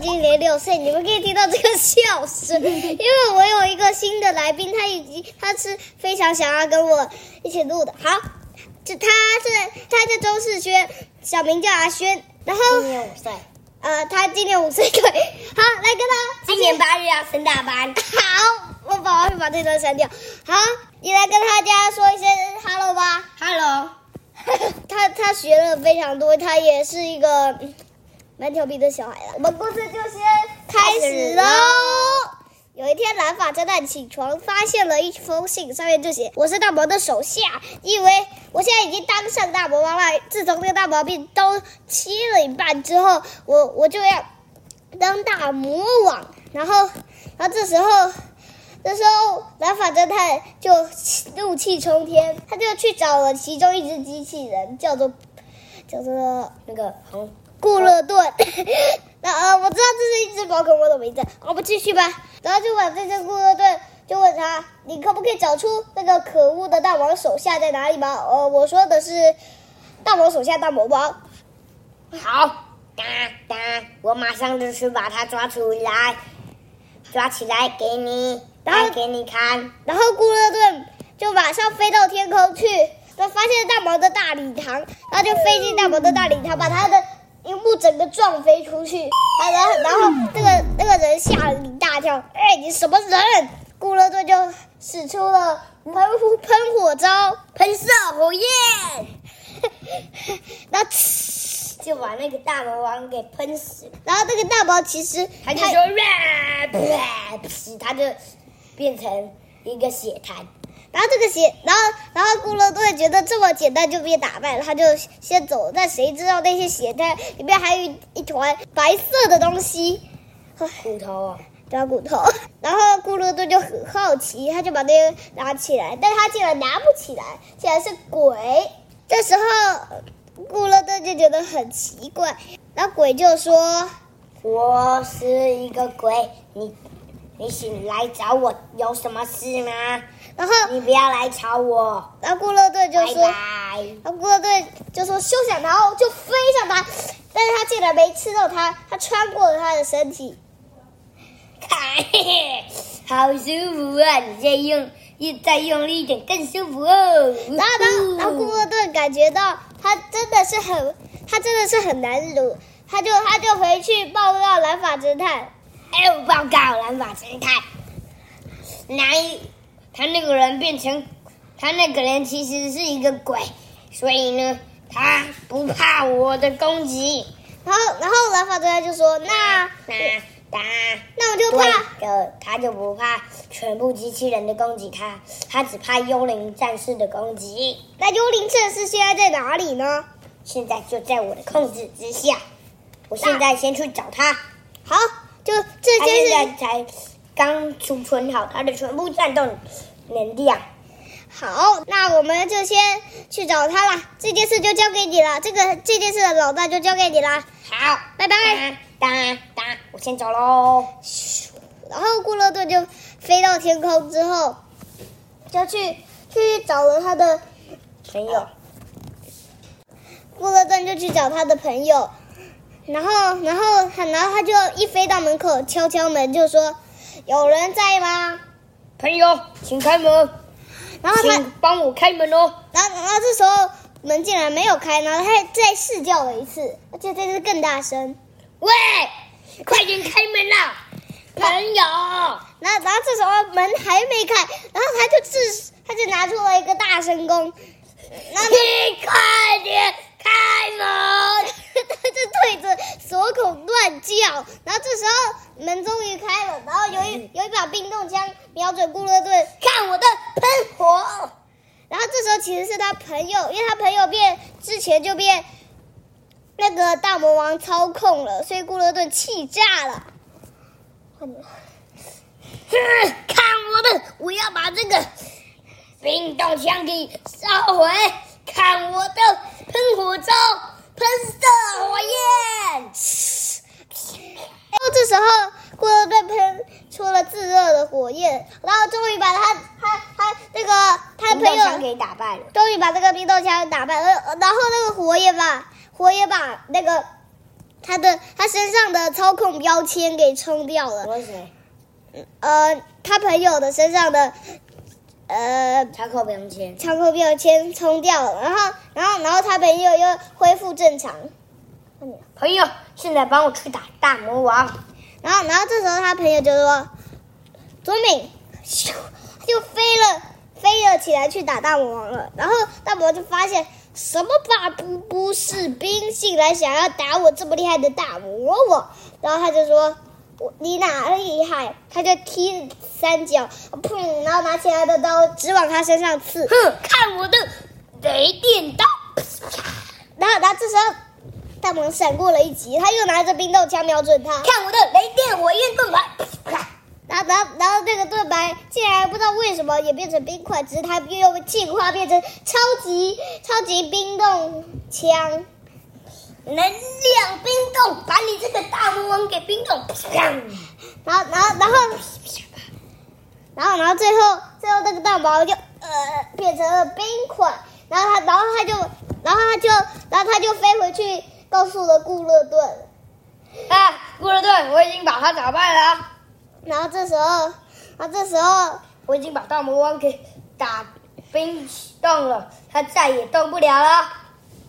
今年六歲，你們可以聽到這個笑聲，因為我有一個新的來賓，他以及他是非常想要跟我一起錄的。好，就他是他叫周世軒，小名叫阿軒，然後今年五歲，呃，他今年五歲，對，好，來跟他今年八月要升大班。好，我爸爸會把這段刪掉。好，你來跟他家說一聲 “hello” 吧，“hello”， 他他學了非常多，他也是一個。蠻調皮的小孩了。我們故事就先開始嘍。有一天，藍髮偵探起床，發現了一封信，上面就寫：“我是大魔王的手下，因為我現在已經當上大魔王了。自從那個大毛病都切了一半之後，我我就要當大魔王。”然後，然後這時候，這時候藍髮偵探就怒氣沖天，他就去找了其中一隻機器人，叫做叫做那個紅。顧樂頓、哦， 那呃，我知道這是一只寶可夢的名字。我們繼續吧。然後就把這只顧樂頓就問他：“你可不可以找出那個可惡的大王手下在哪裡嗎？”呃，我說的是大王手下大魔王。好，噠噠，我馬上就去把它抓出來，抓起來給你，帶後給你看。然後顧樂頓就馬上飛到天空去，他發現了大王的大禮堂，他就飛進大王的大禮堂，把他的。櫻木整個撞飛出去，然後然後那、這個那個人嚇了一大跳，哎，你什麼人？古樂隊就使出了噴火噴火招，噴射火焰，那、oh, yeah! 就把那個大魔王給噴死。然後那個大魔王其實他就說，他，他就變成一個血灘。然後這個鞋，然後然後顧樂隊覺得這麼簡單就被打敗了，他就先走。但誰知道那些鞋帶裡面還有一團白色的東西，骨頭啊，抓骨頭。然後顧樂隊就很好奇，他就把那個拿起來，但他竟然拿不起來，竟然是鬼。這時候，顧樂隊就覺得很奇怪。那鬼就說：“我是一個鬼，你你醒來找我有什麼事嗎？”然後你不要來吵我。然後顧樂頓就說：“拜拜然後顧樂頓就說：“休想逃，就飛上他。”但是他竟然沒吃到他，他穿過了他的身體。看， 好舒服啊！你再用再用力一點，更舒服哦。然後當當顧樂頓感覺到他真的是很，他真的是很難擼，他就他就回去報告藍髮偵探。哎呦，報告藍髮偵探，難。以。他那個人變成，他那個人其實是一個鬼，所以呢，他不怕我的攻擊。然後，然後藍髮偵探就說：“那那那，那我，那我就怕。就”他就不怕全部機器人的攻擊，他他只怕幽靈戰士的攻擊。那幽靈戰士現在在哪裡呢？現在就在我的控制之下。我現在先去找他。好，就這些事才。剛儲存好他的全部戰鬥能量，好，那我們就先去找他了。這件事就交給你了，這個這件事的老大就交給你了。好，拜拜，噠噠噠，我先走嘍。然後，顧樂頓就飛到天空之後，就去去找了他的朋友。顧樂頓就去找他的朋友，然後，然後很，然後他就一飛到門口，敲敲門，就說。有人在嗎？朋友，請開門。然後他請幫我開門哦。然後，然後這時候門竟然沒有開，然後他再試叫了一次，而且這次更大聲。喂，快點開門啦、啊，啊、朋友。然後，然後這時候門還沒開，然後他就自他就拿出了一個大聲公。那你快點開門！ 他就對着鎖孔亂叫。然後這時候。門終於開了，然後有一、嗯、有一把冰凍槍瞄準顧倫頓，看我的噴火！然後這時候其實是他朋友，因為他朋友變之前就被那個大魔王操控了，所以顧倫頓氣炸了。看我的，我要把這個冰凍槍給燒毀！看我的噴火招，噴射火焰！這時候，骷髏被噴出了炙熱的火焰，然後終於把他他他那個他朋友給打敗了。終於把這個冰凍槍打敗了，然後那個火也把火也把那個他的他身上的操控標籤給沖掉了。呃，他朋友的身上的呃操控標籤，操控標籤沖掉了。然後，然後，然後他朋友又恢復正常。朋友。現在幫我去打大魔王，然後，然後這時候他朋友就說：“卓敏，咻，就飛了，飛了起來去打大魔王了。”然後大魔王就發現什麼八不不士兵，竟然想要打我這麼厲害的大魔王，然後他就說：“我你哪厲害？”他就踢三腳，砰，然後拿起來的刀直往他身上刺，哼，看我的雷電刀！然後，然後這時候。閃過了一擊，他又拿着冰凍槍瞄準他，看我的雷電火焰盾牌！然後然後然後那個盾牌，竟然不知道為什麼也變成冰塊，只是他又進化變成超級超級冰凍槍，能量冰凍，把你這個大魔王給冰凍。然後然後然後然後然後最後最後那個大寶就呃變成了冰塊，然後他然後他就然後他就然後他就，然後他就飛回去。告訴了顧樂頓，啊，顧樂頓，我已經把他打敗了。然後這時候，啊，這時候，我已經把大魔王給打飛動了，他再也動不了了。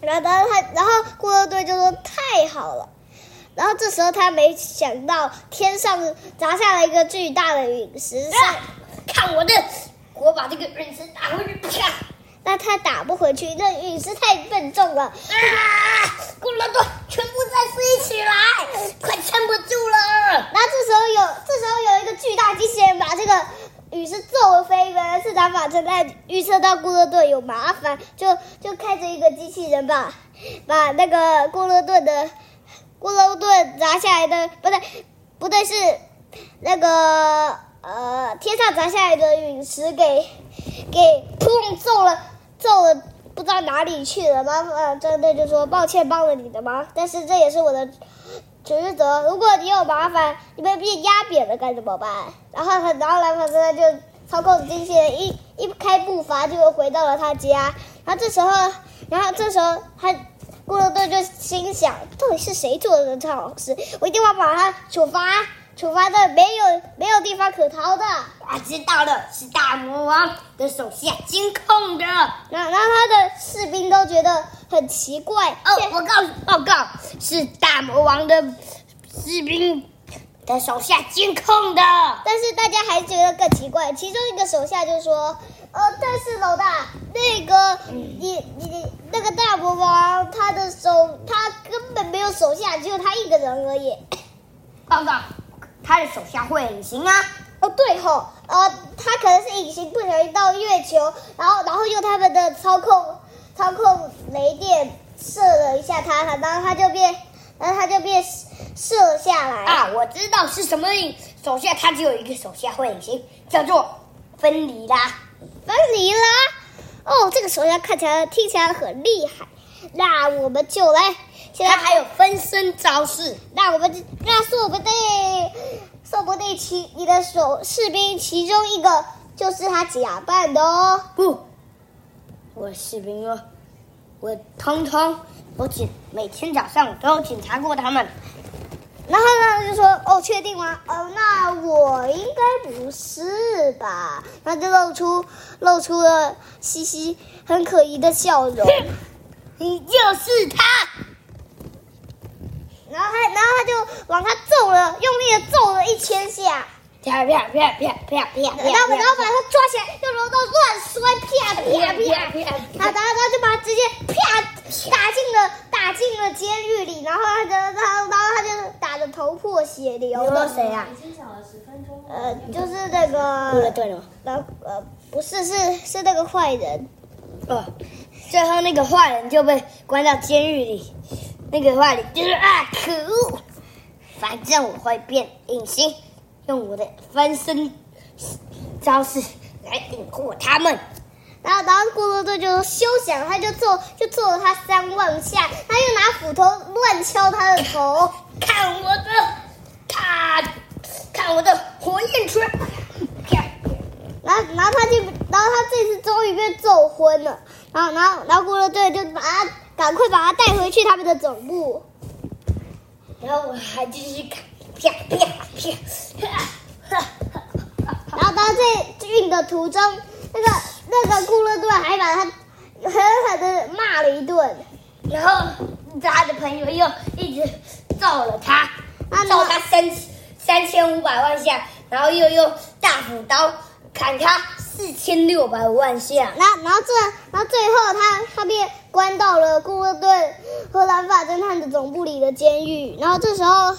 然後他，然後顧樂頓就說：“太好了。”然後這時候他沒想到天上砸下了一個巨大的隕石，啊，看我的，我把這個隕石打回去，啪！那他打不回去，那隕石太笨重了。啊！古樂頓，全部在飛起來，快撐不住了。那這時候有，這時候有一個巨大機器人把這個隕石揍了飛。原來市長馬正在預測到咕樂頓有麻煩，就就開着一個機器人把，把那個咕樂頓的，咕樂頓砸下來的，不對，不對是，是那個呃天上砸下來的隕石給，給碰揍了。揍了，不知道哪裡去了。然後張隊就說：“抱歉幫了你的忙，但是這也是我的職責。如果你有麻煩，你被變壓扁了，該怎麼辦？”然後很，然後藍胖子他就操控機器人一一開步伐，就回到了他家。然後這時候，然後這時候他，郭樂隊就心想：“到底是誰做的這好事？我一定要把他處罰。”處罰的沒有沒有地方可逃的、啊。我知道了，是大魔王的手下監控的。那那、啊、他的士兵都覺得很奇怪。哦，我告訴報告，是大魔王的士兵的手下監控的。但是大家還覺得更奇怪。其中一個手下就說：“呃、哦，但是老大，那個、嗯、你你那個大魔王他的手他根本沒有手下，只、就、有、是、他一個人而已。報”報告。他的手下會隱形啊！哦，對吼、哦，呃，他可能是隱形，不小心到月球，然後然後用他們的操控操控雷電射了一下他，他，然後他就變，然後他就變，他就變射下來啊！我知道是什麼影手下，他只有一個手下會隱形，叫做芬離拉，芬離拉，哦，這個手下看起來聽起來很厲害，那我們就來。現在還有分身招式，那我們那說不定，說不定其你的手，士兵其中一個就是他假扮的哦。不，我士兵說，我通通我檢，每天早上都要檢查過他們。然後呢，就說哦，確定嗎？哦，那我應該不是吧？那就露出露出了嘻嘻很可疑的笑容。 你就是他。然後他，然後他就往他揍了，用力的揍了一千下，啪啪啪啪啪啪。然後，然後把他抓起來，用揉到亂摔，啪啪啪。啪他，然後他就把他直接啪打進了，打進了監獄裡。然後他，他，然後他就打得頭破血流。有到誰啊？已經講了十分鐘。呃，就是那個。對了多久？那呃，不是，是是那個壞人。哦，最後那個壞人就被關到監獄裡。那個話裡，啊，可惡！反正我會變隱形，用我的分身招式來迷惑他們。然後，當過咕嚕嚕就休想，他就揍，就揍了他三萬下。他又拿斧頭亂敲他的頭，看，看我的，看，看我的火焰拳。然後，然後他就，然後他這次終於被揍昏了。然後，然後，然後，庫洛隊就把他趕快把他帶回去他們的總部。然後我還繼續看，啪啪啪！啪啪然後他在運的途中，那個那個庫洛隊還把他狠狠的罵了一頓。然後他的朋友又一直揍了他，揍、啊、他三千三千五百萬下，然後又用大斧刀。砍他四千六百萬下，然後，然後，這，然後最後，他，他被關到了固樂頓和藍髮偵探的總部裡的監獄。然後這時候，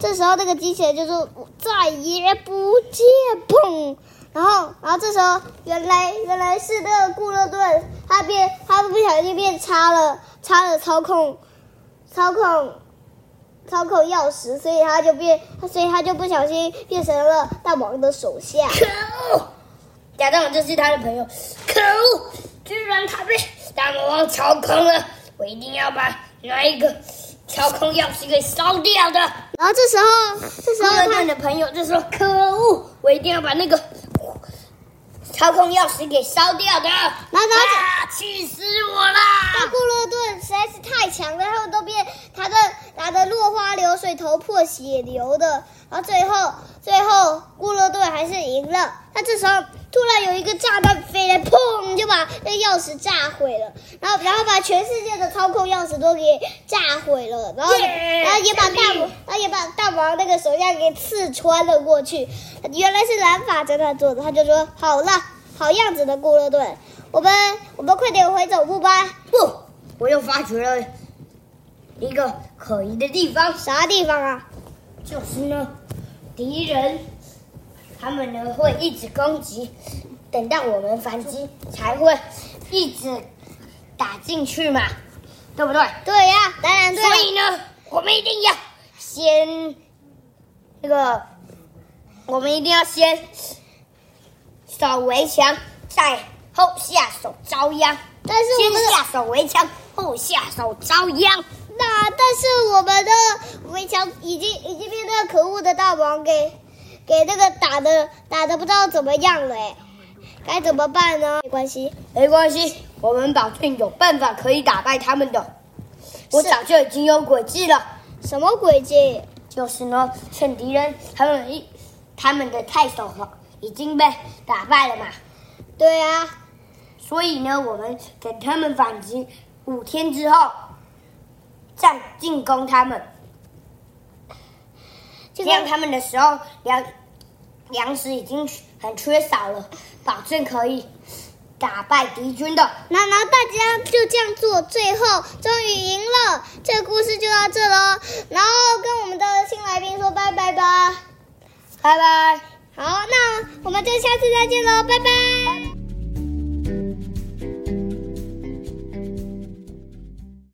這時候那個機器人就是再也不接碰。然後，然後這時候，原來，原來是這個固樂頓，他變，他不小心變差了，差了操控，操控。操控鑰匙，所以他就變，他，所以他就不小心變成了大魔王的手下。可惡！假大王就是他的朋友。可惡！居然他被大魔王操控了，我一定要把那一個操控鑰匙給燒掉的。然後這時候，這時候他的朋友就說：“可惡！我一定要把那個。”操控鑰匙給燒掉的，媽、啊、氣死我了！這布洛頓實在是太強了，他們都變，他的打得落花流水，頭破血流的，然後最後。最後，顧樂頓還是贏了。他這時候突然有一個炸彈飛來，砰，就把那鑰匙炸毀了。然後，然後把全世界的操控鑰匙都給炸毀了。然後，yeah, 然後也把大王，然後利也把大王那個手下給刺穿了過去。原來是藍髮在那做的，他就說：“好了，好樣子的顧樂頓，我們我們快點回總部吧。”不，我又發覺了一個可疑的地方。啥地方啊？就是呢。敵人他們呢會一直攻擊，等到我們反擊才會一直打進去嘛，對不對？對呀，啊，當然對。所以呢，對我們一定要先那個，我們一定要先手為強，再後下手遭殃。但是我們先下手為強，後下手遭殃。但是我們的圍牆已經已經被那個可惡的大王給給那個打得打得不知道怎麼樣了誒，該怎麼辦呢？沒關係，沒關係，我們保證有辦法可以打敗他們的。是我早就已經有詭計了。什麼詭計？就是呢，趁敵人他們一他們的太守已經被打敗了嘛。對呀、啊，所以呢，我們等他們反擊五天之後，再進攻他們，就跟這樣他們的時候糧糧食已經很缺少了，保證可以打敗敵軍的。那那大家就這樣做，最後終於贏了。這個故事就到這了。然後跟我們的新來賓說拜拜吧，拜拜。好，那我們就下次再見嘍，拜拜。